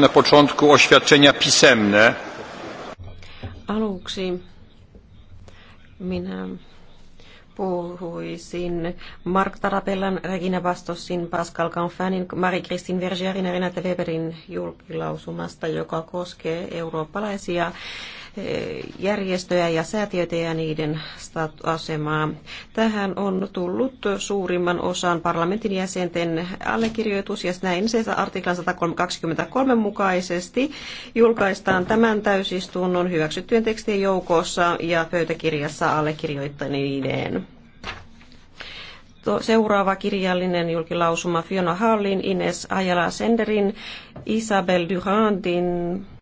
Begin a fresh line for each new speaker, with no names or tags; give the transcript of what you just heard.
na początku oświadczenia pisemne.
Aluksi minä puhuisin Mark Tarapellan, Regina Bastosin, Pascal Canfanin, Marie-Christine Vergerin ja Renate Weberin julkilausumasta, joka koskee eurooppalaisia järjestöjä ja säätiöitä ja niiden asemaa. Tähän on tullut suurimman osan parlamentin jäsenten allekirjoitus ja näin se artiklan 123 mukaisesti julkaistaan tämän täysistunnon hyväksyttyjen tekstien joukossa ja pöytäkirjassa allekirjoittaneen. Seuraava kirjallinen julkilausuma Fiona Hallin, Ines Ajala Senderin,
Isabel Durandin,